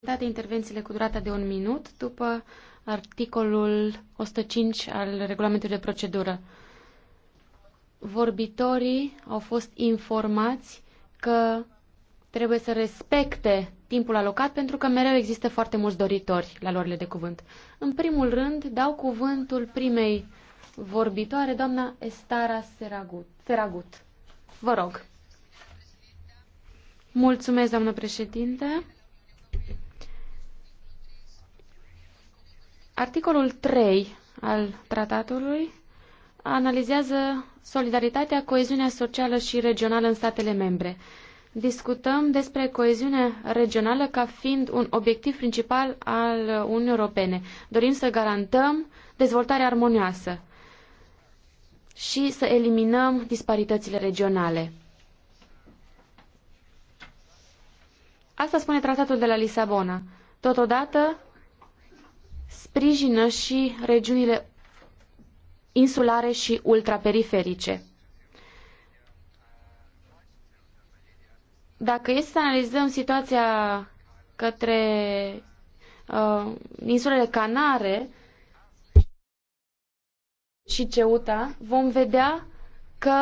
date intervențiile cu durata de un minut după articolul 105 al regulamentului de procedură. Vorbitorii au fost informați că trebuie să respecte timpul alocat pentru că mereu există foarte mulți doritori la lorile de cuvânt. În primul rând, dau cuvântul primei vorbitoare, doamna Estara Seragut. Seragut. Vă rog. Mulțumesc, doamnă președinte. Articolul 3 al tratatului analizează solidaritatea, coeziunea socială și regională în statele membre. Discutăm despre coeziunea regională ca fiind un obiectiv principal al Uniunii Europene. Dorim să garantăm dezvoltarea armonioasă și să eliminăm disparitățile regionale. Asta spune tratatul de la Lisabona. Totodată, sprijină și regiunile insulare și ultraperiferice. Dacă este să analizăm situația către uh, insulele Canare și Ceuta, vom vedea că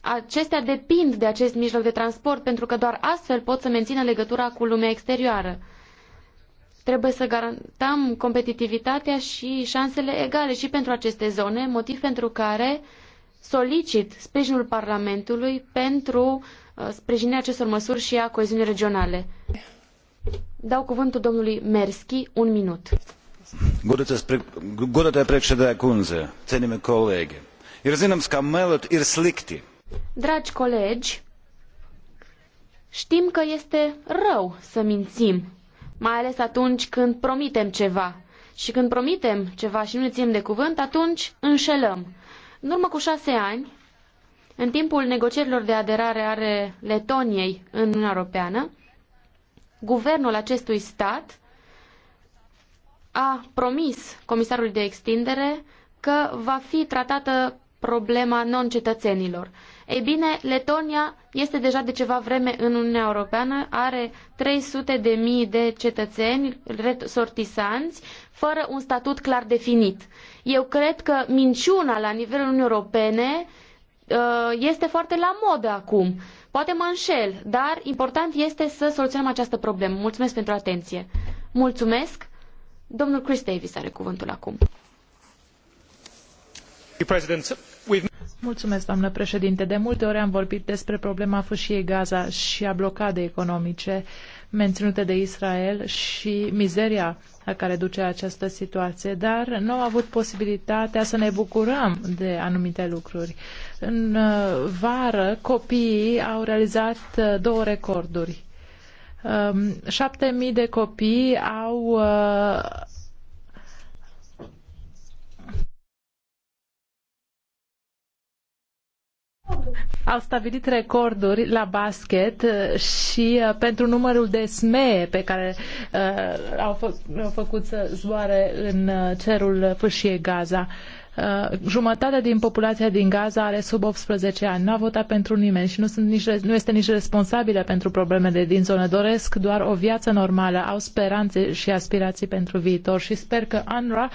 acestea depind de acest mijloc de transport pentru că doar astfel pot să mențină legătura cu lumea exterioară. Trebuie să garantăm competitivitatea și șansele egale și pentru aceste zone, motiv pentru care solicit sprijinul Parlamentului pentru uh, sprijinirea acestor măsuri și a coeziunii regionale. Dau cuvântul domnului Merski, un minut. Godātie priekšsēdētāja kundze, cienījamie kolēģi, ir zināms, ka melot ir slikti. Dragi colegi, știm că este rău să mințim mai ales atunci când promitem ceva. Și când promitem ceva și nu ne ținem de cuvânt, atunci înșelăm. În urmă cu șase ani, în timpul negocierilor de aderare ale Letoniei în Uniunea Europeană, guvernul acestui stat a promis comisarului de extindere că va fi tratată problema non-cetățenilor. Ei bine, Letonia este deja de ceva vreme în Uniunea Europeană, are 300 de mii de cetățeni resortisanți, fără un statut clar definit. Eu cred că minciuna la nivelul Uniunii Europene uh, este foarte la modă acum. Poate mă înșel, dar important este să soluționăm această problemă. Mulțumesc pentru atenție. Mulțumesc. Domnul Chris Davis are cuvântul acum. President. Mulțumesc, doamnă președinte. De multe ori am vorbit despre problema fâșiei Gaza și a blocadei economice menținute de Israel și mizeria la care duce această situație, dar nu am avut posibilitatea să ne bucurăm de anumite lucruri. În uh, vară, copiii au realizat uh, două recorduri. 7.000 um, de copii au uh, au stabilit recorduri la basket uh, și uh, pentru numărul de smee pe care uh, au, fă, au făcut să zboare în uh, cerul fâșiei Gaza. Uh, Uh, jumătate din populația din Gaza are sub 18 ani. Nu a votat pentru nimeni și nu, sunt nici, nu este nici responsabilă pentru problemele din zonă. Doresc doar o viață normală, au speranțe și aspirații pentru viitor și sper că UNRWA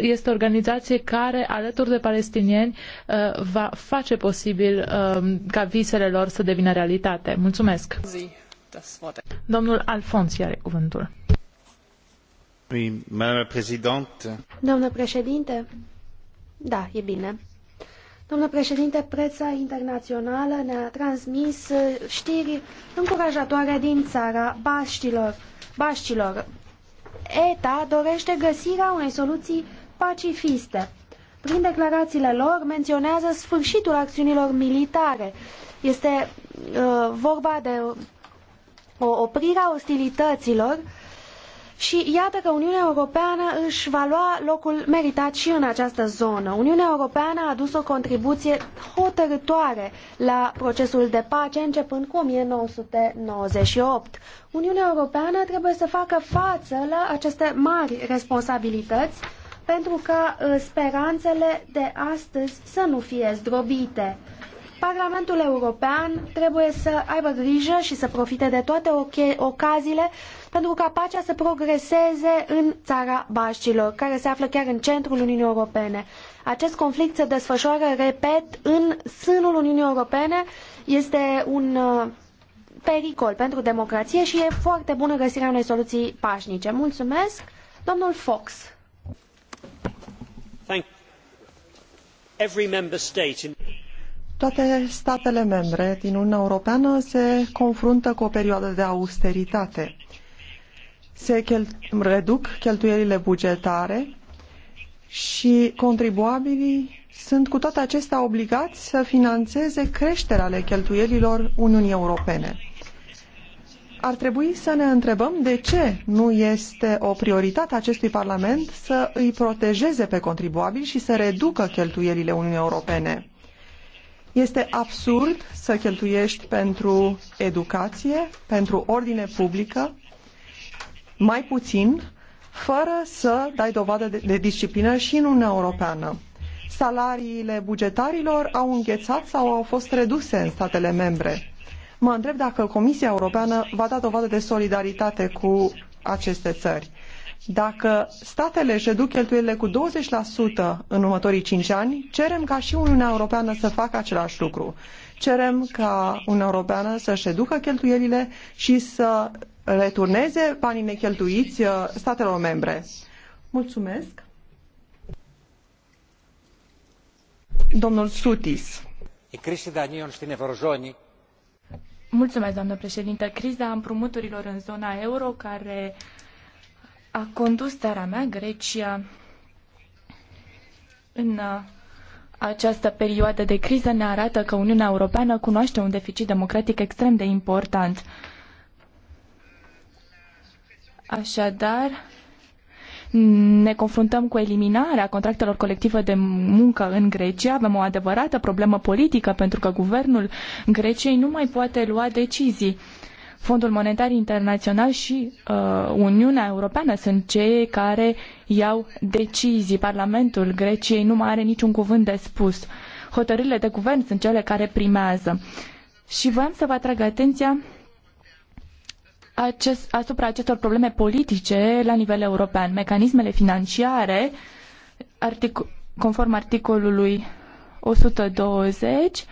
este o organizație care, alături de palestinieni, uh, va face posibil um, ca visele lor să devină realitate. Mulțumesc! Domnul Alfons are cuvântul. Doamnă președinte, da, e bine. Domnul președinte, preța internațională ne-a transmis uh, știri încurajatoare din țara Baștilor. Baștilor. ETA dorește găsirea unei soluții pacifiste. Prin declarațiile lor menționează sfârșitul acțiunilor militare. Este uh, vorba de o oprire a ostilităților uh, și iată că Uniunea Europeană își va lua locul meritat și în această zonă. Uniunea Europeană a adus o contribuție hotărătoare la procesul de pace începând cu 1998. Uniunea Europeană trebuie să facă față la aceste mari responsabilități pentru ca uh, speranțele de astăzi să nu fie zdrobite. Parlamentul European trebuie să aibă grijă și să profite de toate ocaziile pentru ca pacea să progreseze în țara Baștilor, care se află chiar în centrul Uniunii Europene. Acest conflict se desfășoară, repet, în sânul Uniunii Europene. Este un uh, pericol pentru democrație și e foarte bună găsirea unei soluții pașnice. Mulțumesc, domnul Fox. Thank you. Every member state in toate statele membre din Uniunea Europeană se confruntă cu o perioadă de austeritate. Se chel reduc cheltuielile bugetare și contribuabilii sunt cu toate acestea obligați să financeze creșterea ale cheltuielilor Uniunii Europene. Ar trebui să ne întrebăm de ce nu este o prioritate acestui Parlament să îi protejeze pe contribuabili și să reducă cheltuielile Uniunii Europene. Este absurd să cheltuiești pentru educație, pentru ordine publică, mai puțin, fără să dai dovadă de, de disciplină și în Uniunea Europeană. Salariile bugetarilor au înghețat sau au fost reduse în statele membre. Mă întreb dacă Comisia Europeană va da dovadă de solidaritate cu aceste țări. Dacă statele își reduc cheltuielile cu 20% în următorii 5 ani, cerem ca și Uniunea Europeană să facă același lucru. Cerem ca Uniunea Europeană să-și reducă cheltuielile și să returneze banii necheltuiți uh, statelor membre. Mulțumesc. Domnul Sutis. E crește danion στην Ευρωζώνη Mulțumesc, doamnă președintă. Criza împrumuturilor în zona euro, care a condus țara mea, Grecia, în uh, această perioadă de criză ne arată că Uniunea Europeană cunoaște un deficit democratic extrem de important. Așadar, ne confruntăm cu eliminarea contractelor colective de muncă în Grecia. Avem o adevărată problemă politică pentru că guvernul Greciei nu mai poate lua decizii. Uh, Fondul Monetar Internațional și uh, Uniunea Europeană sunt cei care iau decizii. Parlamentul Greciei nu mai are niciun cuvânt de spus. Hotărârile de guvern sunt cele care primează. Și voiam să vă atrag atenția acest, asupra acestor probleme politice la nivel european. Mecanismele financiare, artic, conform articolului 120,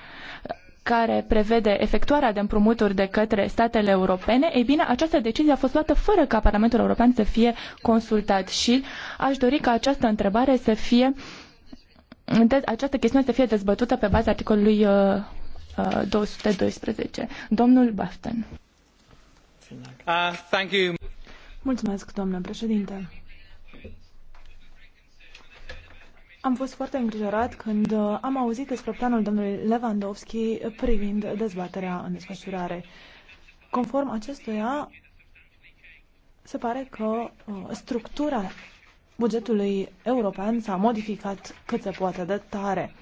care prevede efectuarea de împrumuturi de către statele europene, ei bine, această decizie a fost luată fără ca Parlamentul European să fie consultat și aș dori ca această întrebare să fie această chestiune să fie dezbătută pe baza articolului 212. Uh, uh, Domnul Bafton. Uh, Mulțumesc, domnule președinte. Am fost foarte îngrijorat când uh, am auzit despre planul domnului Lewandowski privind dezbaterea în desfășurare. Conform acestuia, se pare că uh, structura bugetului european s-a modificat cât se poate de tare.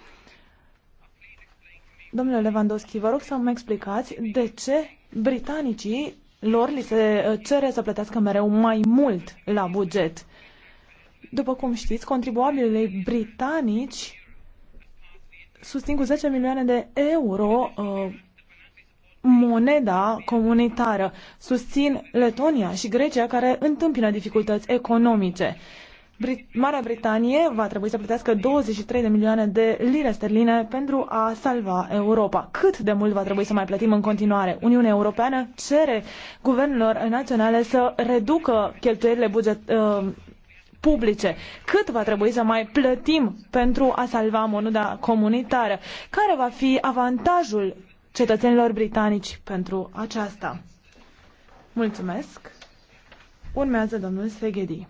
Domnule Lewandowski, vă rog să-mi explicați de ce britanicii lor li se uh, cere să plătească mereu mai mult la buget. După cum știți, contribuabilii britanici susțin cu 10 milioane de euro uh, moneda comunitară. Susțin Letonia și Grecia care întâmpină dificultăți economice. Brit- Marea Britanie va trebui să plătească 23 de milioane de lire sterline pentru a salva Europa. Cât de mult va trebui să mai plătim în continuare? Uniunea Europeană cere guvernelor naționale să reducă cheltuielile buget, uh, publice. Cât va trebui să mai plătim pentru a salva moneda comunitară? Care va fi avantajul cetățenilor britanici pentru aceasta? Mulțumesc. Urmează domnul Seghedi.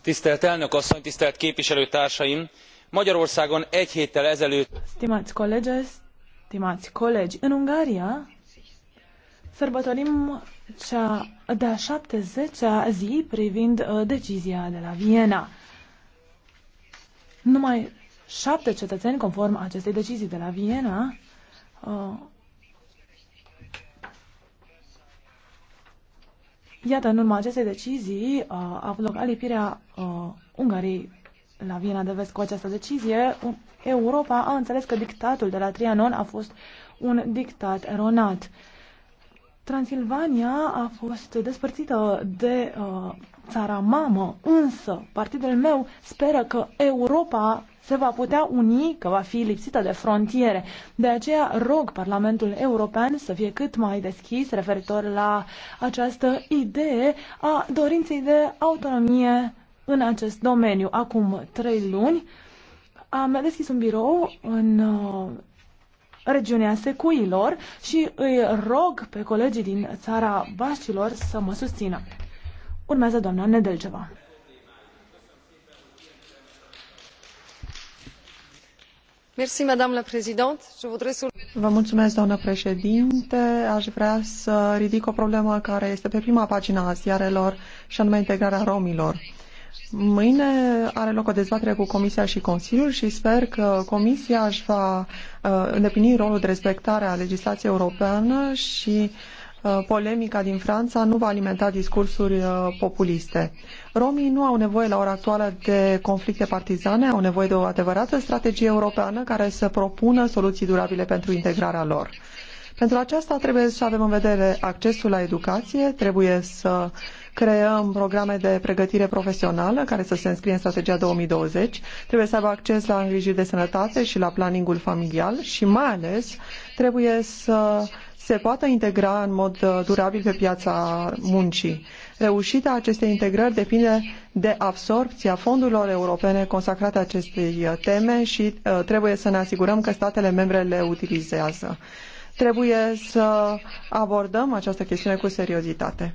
Tisztelt elnök asszony, tisztelt képviselőtársaim! Magyarországon egy héttel ezelőtt... Stimați colegi, stimați colegi, în Ungaria sărbătorim cea de-a 70-a zi privind uh, decizia de la Viena. Numai șapte cetățeni, conform acestei decizii de la Viena, uh, Iată, în urma acestei decizii uh, a avut loc alipirea uh, Ungariei la Viena de Vest cu această decizie. Europa a înțeles că dictatul de la Trianon a fost un dictat eronat. Uh, Transilvania a fost despărțită de uh, țara mamă, însă partidul meu speră că Europa se va putea uni, că va fi lipsită de frontiere. De aceea rog Parlamentul European să fie cât mai deschis referitor la această idee a dorinței de autonomie în acest domeniu. Acum trei luni am deschis un birou în uh, regiunea secuilor și îi rog pe colegii din țara Bașilor să mă susțină. Urmează doamna Nedelceva. Vă mulțumesc, doamnă președinte. Aș vrea să ridic o problemă care este pe prima pagina ziarelor și anume integrarea romilor. Mâine are loc o dezbatere cu Comisia și Consiliul și sper că Comisia își va uh, îndeplini rolul de respectare a legislației europeană și uh, polemica din Franța nu va alimenta discursuri uh, populiste. Romii nu au nevoie la ora actuală de conflicte partizane, au nevoie de o adevărată strategie europeană care să propună soluții durabile pentru integrarea lor. Pentru aceasta trebuie să avem în vedere accesul la educație, trebuie să creăm programe de pregătire profesională care să se înscrie în strategia 2020, trebuie să aibă acces la îngrijiri de sănătate și la planningul familial și mai ales trebuie să se poată integra în mod uh, durabil pe piața muncii. Reușita acestei integrări depinde de absorpția fondurilor europene consacrate acestei uh, teme și uh, trebuie să ne asigurăm că statele membre le utilizează. Trebuie să abordăm această chestiune cu seriozitate.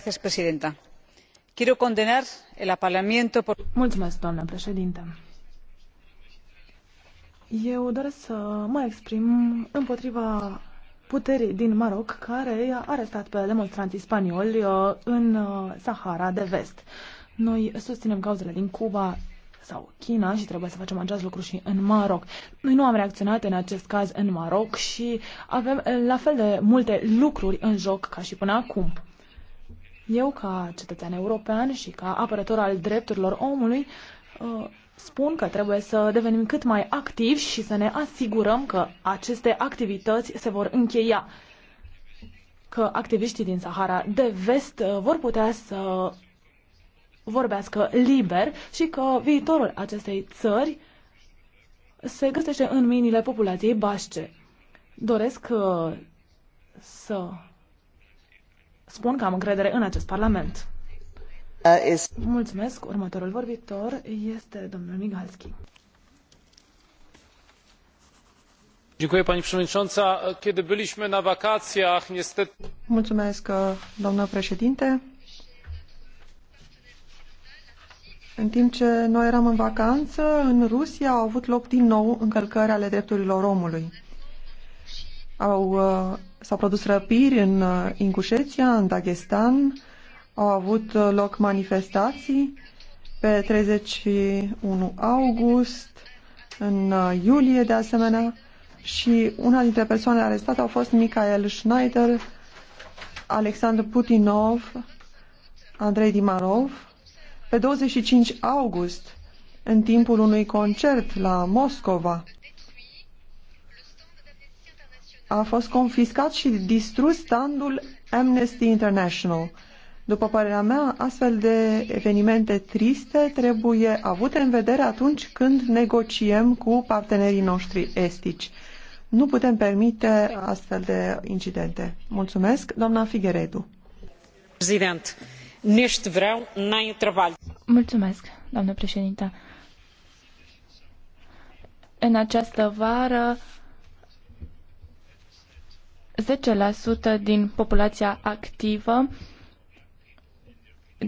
señora presidenta quiero condenar el apaleamiento por. doamnă președintă eu doresc să mă exprim împotriva puterii din Maroc care a arestat pe demonstranții spanioli uh, în uh, Sahara de Vest. Noi susținem cauzele din Cuba sau China și trebuie să facem acest lucru și în Maroc. Noi nu am reacționat în acest caz în Maroc și avem uh, la fel de multe lucruri în joc ca și până acum. Eu, ca cetățean european și ca apărător al drepturilor omului, uh, spun că trebuie să devenim cât mai activi și să ne asigurăm că aceste activități se vor încheia, că activiștii din Sahara de vest uh, vor putea să vorbească liber și că viitorul acestei țări se găsește în mâinile populației bașce. Doresc uh, să spun că am încredere în acest Parlament. Uh, Mulțumesc. Următorul vorbitor este domnul Migalski. pani przewodnicząca! kiedy byliśmy na wakacjach niestety. Uh, doamnă președinte în timp ce noi eram în vacanță în rusia au avut loc din nou încălcări ale drepturilor omului. Au, uh, s-au produs răpiri în uh, Ingușeția, în Dagestan, au avut uh, loc manifestații pe 31 august, în iulie de asemenea, și una dintre persoanele arestate au fost Michael Schneider, Alexandru Putinov, Andrei Dimarov. Pe 25 august, în timpul unui concert la Moscova, a fost confiscat și distrus standul Amnesty International. După părerea mea, astfel de evenimente triste trebuie avute în vedere atunci când negociem cu partenerii noștri estici. Nu putem permite astfel de incidente. Mulțumesc, doamna Figueredu. Prezident, neste verão nem trabalho. Mulțumesc, doamnă Președinte. În această vară 10% din populația activă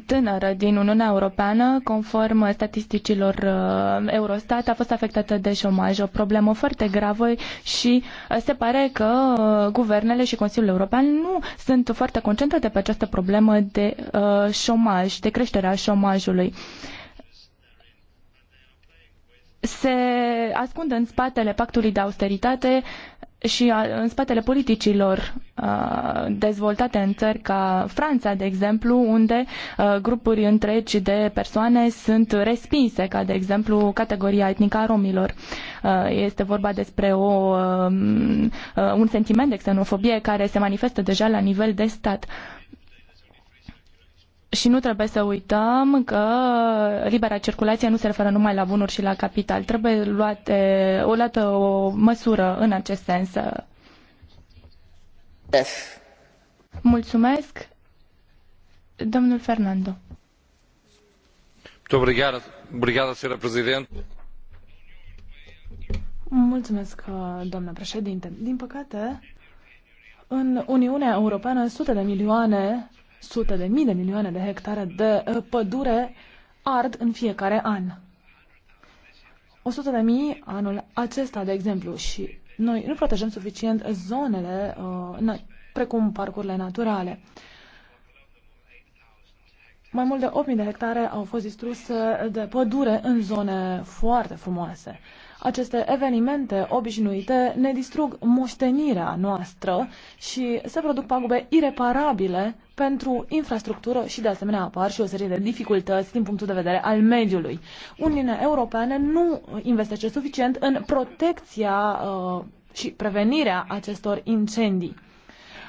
tânără din Uniunea Europeană, conform statisticilor uh, Eurostat, a fost afectată de șomaj, o problemă foarte gravă și uh, se pare că uh, guvernele și Consiliul European nu sunt foarte concentrate pe această problemă de șomaj, de creșterea șomajului se ascund în spatele pactului de austeritate și în spatele politicilor dezvoltate în țări ca Franța, de exemplu, unde grupuri întregi de persoane sunt respinse, ca de exemplu categoria etnică a romilor. Este vorba despre o, un sentiment de xenofobie care se manifestă deja la nivel de stat. Și nu trebuie să uităm că libera circulație nu se referă numai la bunuri și la capital. Trebuie luate, o luată o măsură în acest sens. Yes. Mulțumesc. Domnul Fernando. Mulțumesc, uh, doamnă președinte. Din păcate, în Uniunea Europeană sute de milioane sute de mii de milioane de hectare de uh, pădure ard în fiecare an. 100 de mii anul acesta, de exemplu, și noi nu protejăm suficient zonele uh, precum parcurile naturale. Uh, mai mult de 8.000 de hectare au fost distruse de pădure în zone foarte frumoase. Aceste evenimente obișnuite ne distrug moștenirea noastră și se produc pagube ireparabile pentru infrastructură și de asemenea apar și o serie de dificultăți din punctul de vedere al mediului. Uniunea Europeană nu investește suficient în protecția uh, și prevenirea acestor incendii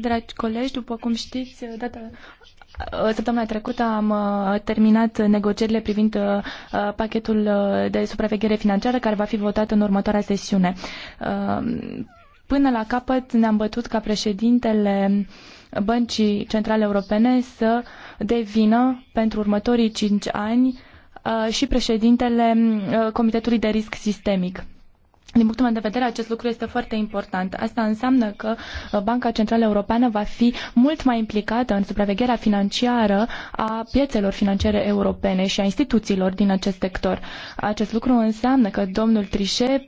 Dragi colegi, după cum știți, data, Săptămâna trecută am uh, terminat negocierile privind uh, pachetul uh, de supraveghere financiară care va fi votat în următoarea sesiune. Până la capăt ne-am bătut ca președintele Băncii Centrale Europene să devină pentru următorii cinci ani și președintele Comitetului de Risc Sistemic. Din punctul meu de vedere, acest lucru este foarte important. Asta înseamnă că uh, Banca Centrală Europeană va fi mult mai implicată în supravegherea financiară a piețelor financiare europene și a instituțiilor din acest sector. Acest lucru înseamnă că domnul Trichet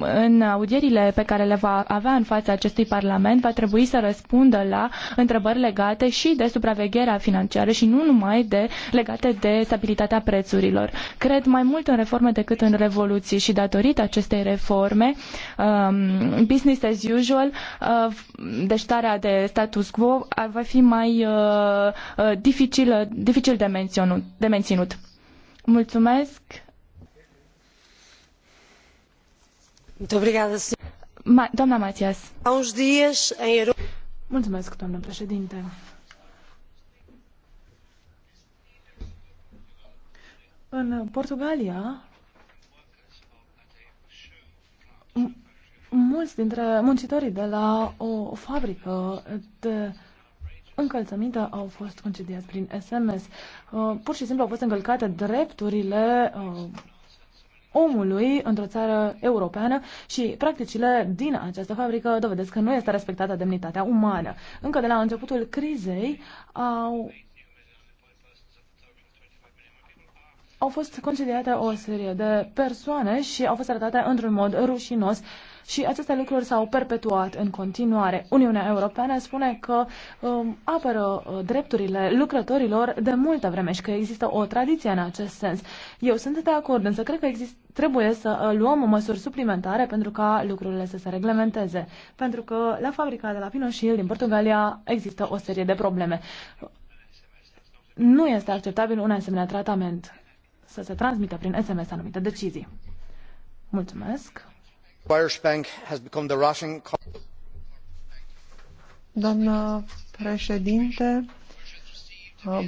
în audierile pe care le va avea în fața acestui Parlament, va trebui să răspundă la întrebări legate și de supravegherea financiară și nu numai de legate de stabilitatea prețurilor. Cred mai mult în reforme decât în revoluții și datorită acestei reforme, um, business as usual, uh, deci starea de status quo va fi mai uh, uh, dificil, dificil de, menționut, de menținut. Mulțumesc! Ma doamna Matias. Mulțumesc, doamnă președinte. În Portugalia, mulți dintre muncitorii de la o fabrică de încălțăminte au fost concediați prin SMS. Uh, pur și simplu au fost încălcate drepturile uh, omului într-o țară europeană și practicile din această fabrică dovedesc că nu este respectată demnitatea umană. Încă de la începutul crizei au au fost concediate o serie de persoane și au fost arătate într-un mod rușinos uh, și aceste lucruri s-au perpetuat în continuare. Uniunea Europeană spune că um, apără uh, drepturile lucrătorilor de multă vreme și că există o tradiție în acest sens. Eu sunt de acord, însă cred că există trebuie să uh, luăm măsuri suplimentare pentru ca lucrurile să se reglementeze. Pentru că la fabrica de la Pinoșil din Portugalia există o serie de probleme. Nu este acceptabil un asemenea tratament să se transmită prin SMS anumite decizii. Mulțumesc. Doamnă președinte,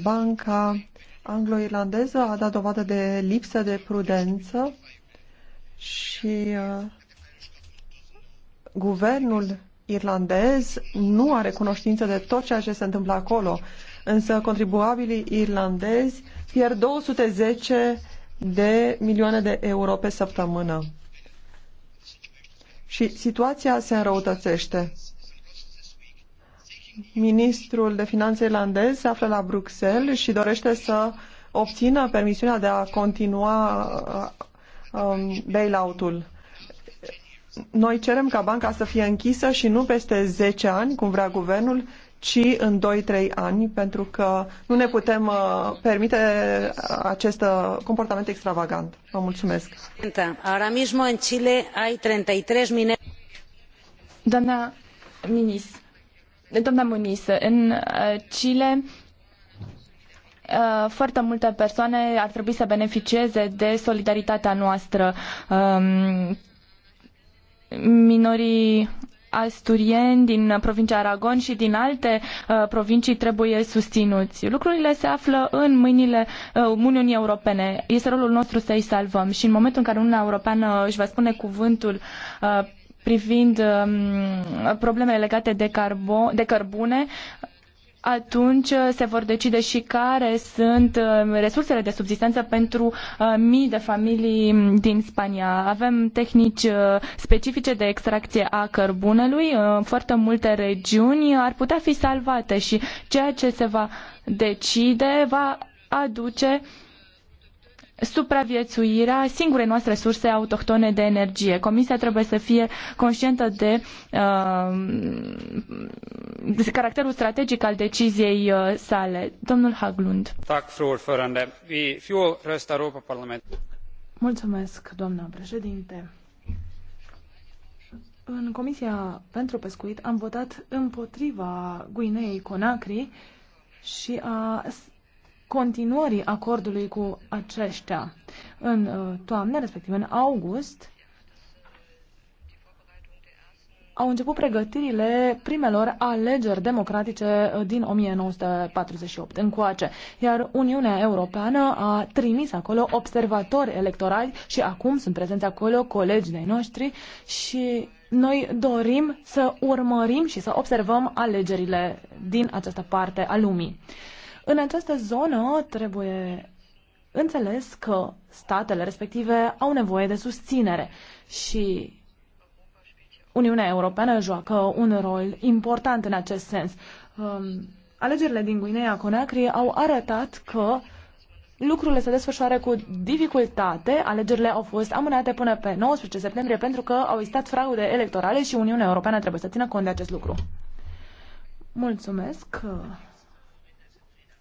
banca anglo-irlandeză a dat dovadă de lipsă de prudență și uh, guvernul irlandez nu are cunoștință de tot ceea ce se întâmplă acolo, însă contribuabilii irlandezi pierd 210 de milioane de euro pe săptămână și situația se înrăutățește. Ministrul de Finanțe irlandez se află la Bruxelles și dorește să obțină permisiunea de a continua uh, um, bailout-ul. Noi cerem ca banca să fie închisă și nu peste 10 ani, cum vrea guvernul, ci în 2-3 ani, pentru că nu ne putem uh, permite uh, acest uh, comportament extravagant. Vă mulțumesc. Ahora mismo Chile hay 33 mineros. Doamna Minis, doamna Munis, în uh, Chile uh, foarte multe persoane ar trebui să beneficieze de solidaritatea noastră. Um, minorii asturieni din provincia Aragon și din alte uh, provincii trebuie susținuți. Lucrurile se află în mâinile uh, Uniunii Europene. Este rolul nostru să-i salvăm și în momentul în care Uniunea Europeană își va spune cuvântul uh, privind um, problemele legate de, carbo- de cărbune, atunci uh, se vor decide și care sunt uh, resursele de subsistență pentru uh, mii de familii mm, din Spania. Avem tehnici specifice de extracție a cărbunelui, foarte multe regiuni ar putea fi salvate și ceea ce se va decide va aduce uh, supraviețuirea singurei noastre surse autohtone de energie. Comisia trebuie să fie conștientă de uh, caracterul strategic al deciziei uh, sale. Domnul Haglund. Mulțumesc, doamna președinte. În Comisia pentru Pescuit am votat împotriva Guinei conacri și a continuării acordului cu aceștia. În uh, toamnă, respectiv în august, au început pregătirile primelor alegeri democratice uh, din 1948 încoace, iar Uniunea Europeană a trimis acolo observatori electorali și acum sunt prezenți acolo colegi de noștri și noi dorim să urmărim și să observăm alegerile din această parte a lumii. În această zonă trebuie înțeles că statele respective au nevoie de susținere și Uniunea Europeană joacă un rol important în acest sens. Um, alegerile din Guinea Conakry au arătat că lucrurile se desfășoară cu dificultate. Alegerile au fost amânate până pe 19 septembrie pentru că au existat fraude electorale și Uniunea Europeană trebuie să țină cont de acest lucru. Mulțumesc.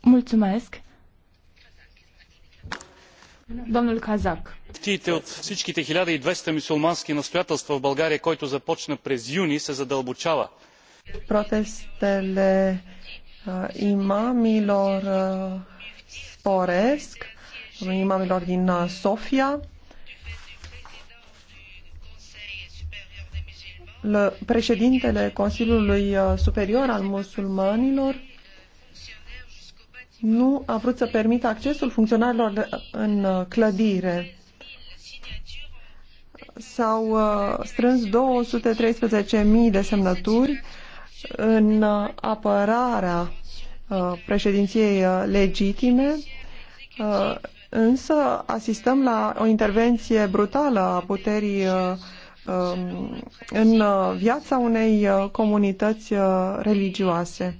Mulțumesc. Domnul Kazak. Тите от всичките 1200 мусулмански настоятелства в България, който започна през юни, се задълбочава. Протестele uh, imamilor uh, sporesc, imamilor din uh, Sofia, președintele Consiliului uh, Superior al Musulmanilor nu a vrut să permită accesul funcționarilor în uh, clădire. S-au uh, strâns 213.000 de semnături în apărarea președinției legitime, însă asistăm la o intervenție brutală a puterii Um, în uh, viața unei uh, comunități uh, religioase,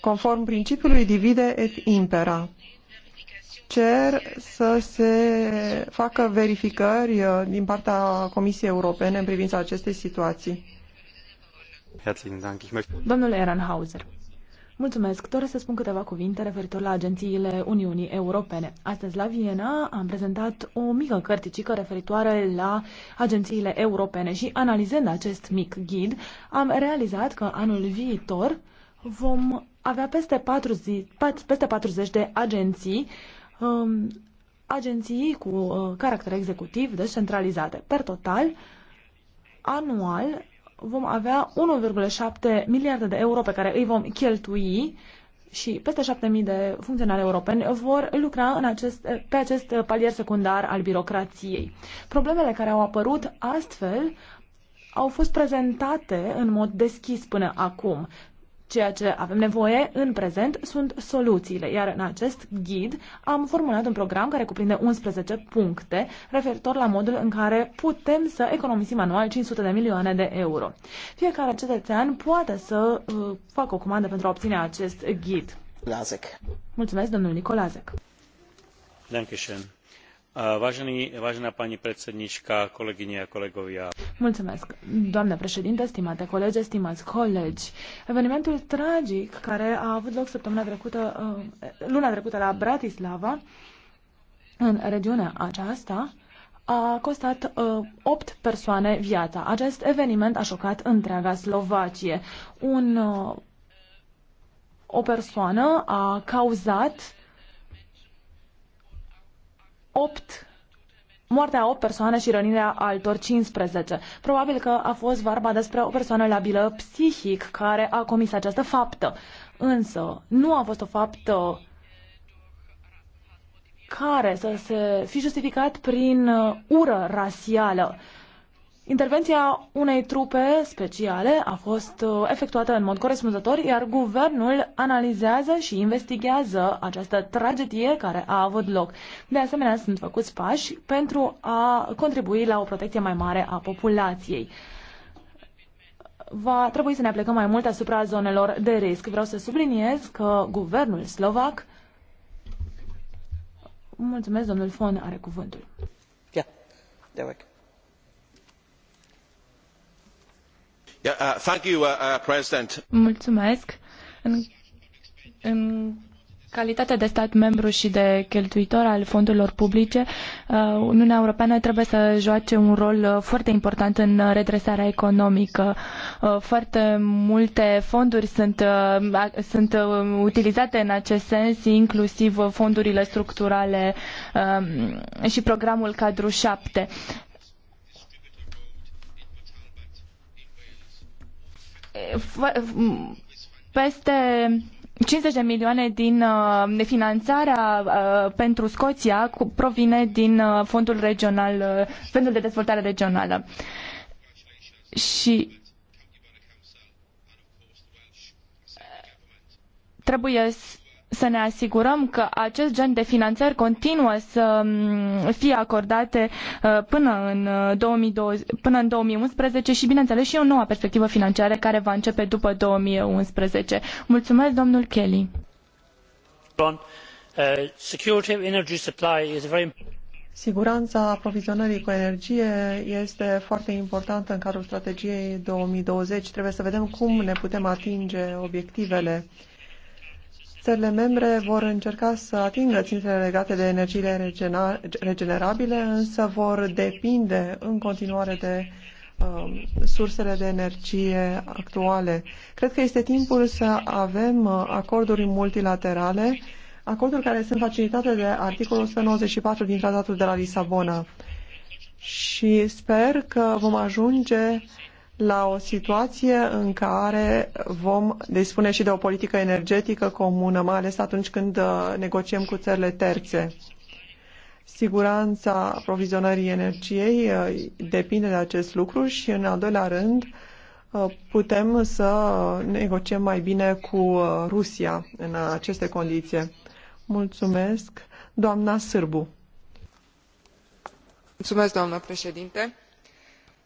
conform principiului divide et impera. Cer să se facă verificări din partea Comisiei Europene în privința acestei situații. Domnule Ehrenhauser. Mulțumesc. Doresc să spun câteva cuvinte referitor la agențiile Uniunii Europene. Astăzi la Viena am prezentat o mică cărticică referitoare la agențiile europene și analizând acest mic ghid, am realizat că anul viitor vom avea peste 40, peste 40 de agenții um, agenții cu uh, caracter executiv descentralizate. Per total, anual vom avea 1,7 miliarde de euro pe care îi vom cheltui și peste 7.000 de funcționari europeni vor lucra în acest, pe acest palier secundar al birocrației. Problemele care au apărut astfel au fost prezentate în mod deschis până acum. Ceea ce avem nevoie în prezent sunt soluțiile, iar în acest ghid am formulat un program care cuprinde 11 puncte referitor la modul în care putem să economisim anual 500 de milioane de euro. Fiecare cetățean poate să uh, facă o comandă pentru a obține acest ghid. Lazec. Mulțumesc, domnul Nicolazec. Dankeschön. Mulțumesc, doamnă președintă, stimate colegi, stimați colegi. Evenimentul tragic care a avut loc săptămâna trecută, uh, luna trecută la Bratislava, în regiunea aceasta, a costat uh, 8 persoane viața. Acest eveniment a șocat întreaga Slovacie. Un, uh, o persoană a cauzat 8 moartea a 8 persoane și rănirea altor 15. Probabil că a fost vorba despre o persoană labilă psihic care a comis această faptă. Însă, nu a fost o faptă care să se fi justificat prin uh, ură rasială. Uh, Intervenția unei trupe speciale a fost uh, efectuată în mod corespunzător, iar guvernul analizează și investigează această tragedie care a avut loc. De asemenea, sunt făcuți pași pentru a contribui la o protecție mai mare a populației va trebui să ne aplicăm mai mult asupra zonelor de risc. Vreau să subliniez că guvernul slovac. Mulțumesc, domnul Fon are cuvântul. Yeah. Uh, uh, uh, Mulțumesc. În, în calitate de stat membru și de cheltuitor al fondurilor publice, Uniunea Europeană trebuie să joace un rol foarte important în redresarea economică. Foarte multe fonduri sunt, sunt utilizate în acest sens, inclusiv fondurile structurale și programul cadru 7 peste 50 de milioane din uh, finanțarea uh, pentru Scoția provine din uh, fondul regional, fondul de dezvoltare regională. Și trebuie să să ne asigurăm că acest gen de finanțări continuă să mm, fie acordate uh, până în, 2020, uh, până în 2011 și, bineînțeles, și o nouă perspectivă financiară care va începe după 2011. Mulțumesc, domnul Kelly. Uh, Siguranța aprovizionării cu energie este foarte importantă în cadrul strategiei 2020. Trebuie să vedem cum ne putem atinge obiectivele. Țările membre vor încerca să atingă țintele legate de energiile regenerabile, însă vor depinde în continuare de uh, sursele de energie actuale. Cred că este timpul să avem uh, acorduri multilaterale, acorduri care sunt facilitate de articolul 194 din Tratatul de la Lisabona. Și sper că vom ajunge la o situație în care vom dispune și de o politică energetică comună, mai ales atunci când uh, negociem cu țările terțe. Siguranța aprovizionării energiei uh, depinde de acest lucru și, în al doilea rând, uh, putem să negociem mai bine cu Rusia în aceste condiții. Mulțumesc, doamna Sârbu. Mulțumesc, doamnă președinte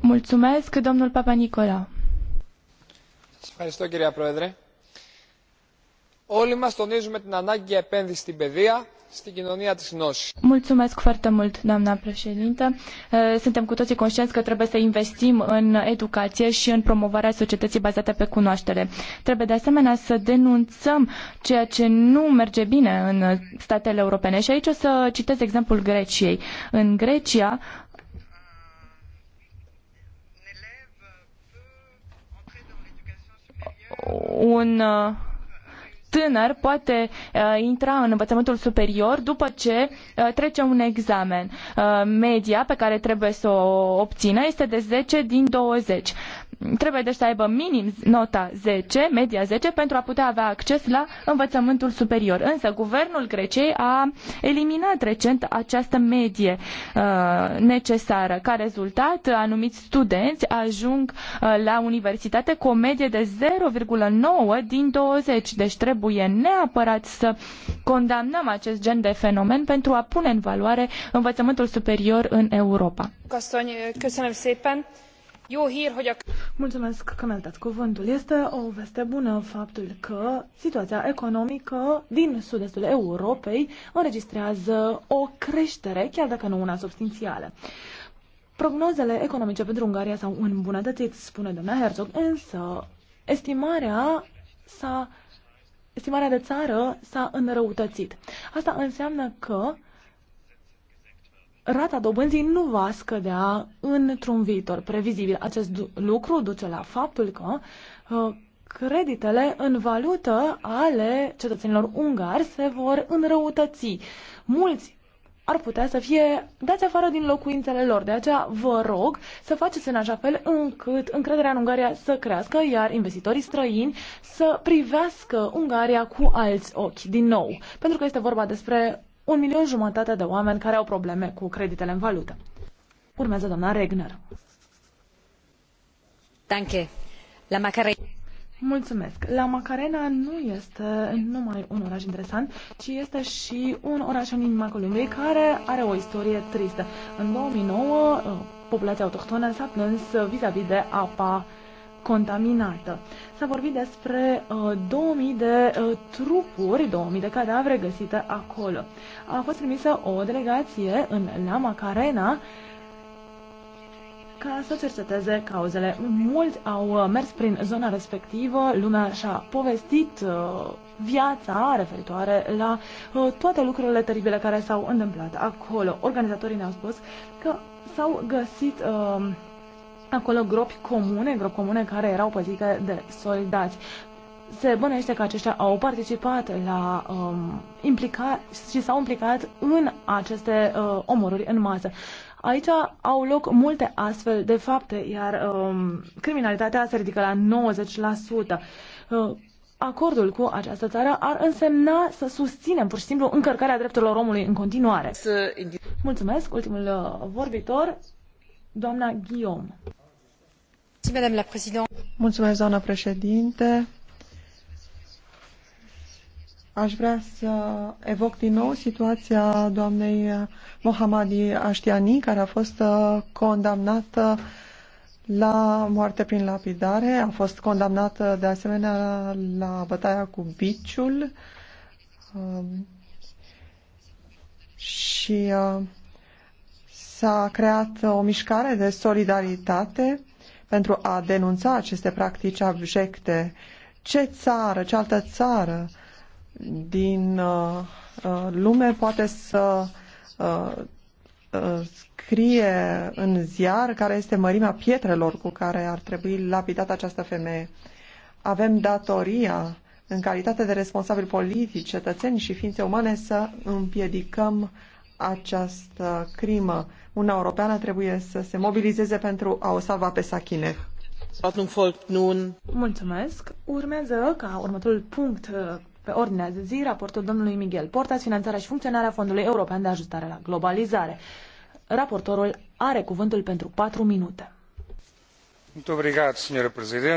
Mulțumesc, domnul Papa Nicola. Όλοι μας τονίζουμε την ανάγκη για επένδυση στην παιδεία, στην κοινωνία της γνώσης. Mulțumesc foarte mult, doamna președintă. Suntem cu toții conștienți că trebuie să investim în educație și în promovarea societății bazate pe cunoaștere. Trebuie de asemenea să denunțăm ceea ce nu merge bine în statele europene. Și aici o să citez exemplul Greciei. În Grecia, un uh, tânăr poate uh, intra în învățământul superior după ce uh, trece un examen. media pe care trebuie să o obțină este de zece din 20. Trebuie deci să aibă minim nota 10, media 10, pentru a putea avea acces la învățământul superior. Însă, guvernul Greciei a eliminat recent această medie uh, necesară. Ca rezultat, anumiți studenți ajung uh, la universitate cu o medie de 0,9 din 20. Deci trebuie neapărat să condamnăm acest gen de fenomen pentru a pune în valoare învățământul superior în Europa. Köszönöm szépen! Jó hír, hogy a... Mulțumesc că mi cuvântul. Este o veste bună faptul că situația economică din sud-estul Europei înregistrează o creștere, chiar dacă nu una substanțială. Prognozele economice pentru Ungaria s-au îmbunătățit, spune domnul Herzog, însă estimarea s-a Estimarea de țară s-a înrăutățit. Asta înseamnă că rata dobânzii nu va scădea într-un viitor previzibil. Acest lucru duce la faptul că uh, creditele în valută ale cetățenilor ungari se vor înrăutăți. Mulți ar putea să fie dați afară din locuințele lor. De aceea vă rog să faceți în așa fel încât încrederea în Ungaria să crească, iar investitorii străini să privească Ungaria cu alți ochi din nou. Pentru că este vorba despre un milion jumătate de oameni care au probleme cu creditele în valută. Urmează doamna Regner. Danke. La Macarena. Mulțumesc. La Macarena nu este numai un oraș interesant, ci este și un oraș în inima Columbiei care are o istorie tristă. În 2009, uh, populația autohtonă s-a plâns vis-a-vis de apa contaminată. S-a vorbit despre uh, 2000 de uh, trupuri, 2000 de cadavre găsite acolo. A fost trimisă o delegație în La Macarena ca să cerceteze cauzele. Mulți au uh, mers prin zona respectivă, lumea și-a povestit uh, viața referitoare la uh, toate lucrurile teribile care s-au întâmplat acolo. Organizatorii ne-au spus că s-au găsit uh, acolo gropi comune, gropi comune care erau păzite de soldați. Se bănește că aceștia au participat la um, implica și s-au implicat în aceste uh, omoruri în masă. Aici au loc multe astfel de fapte, iar um, criminalitatea se ridică la 90%. Uh, acordul cu această țară ar însemna să susținem pur și simplu încărcarea drepturilor omului în continuare. Mulțumesc, ultimul uh, vorbitor, Guillaume. Mulțumesc, doamnă președinte. Aș vrea să evoc din nou situația doamnei Mohamadi Ashtiani, care a fost uh, condamnată la moarte prin lapidare, a fost condamnată uh, de asemenea la bătaia cu biciul um, și uh, S-a creat o mișcare de solidaritate pentru a denunța aceste practici abjecte. Ce țară, ce altă țară din uh, uh lume poate să uh, uh, scrie în ziar care este mărimea pietrelor cu care ar trebui lapidată această femeie. Avem datoria, în calitate de responsabili politici, cetățeni și ființe umane, să împiedicăm această crimă. Uniunea Europeană trebuie să se mobilizeze pentru a o salva pe Sakine. Mulțumesc. Urmează ca următorul punct uh, pe ordinea de zi raportul domnului Miguel Portas, finanțarea și funcționarea Fondului European de Ajustare la Globalizare. Raportorul are cuvântul pentru 4 minute. Muito obrigado, Sr. Presidente.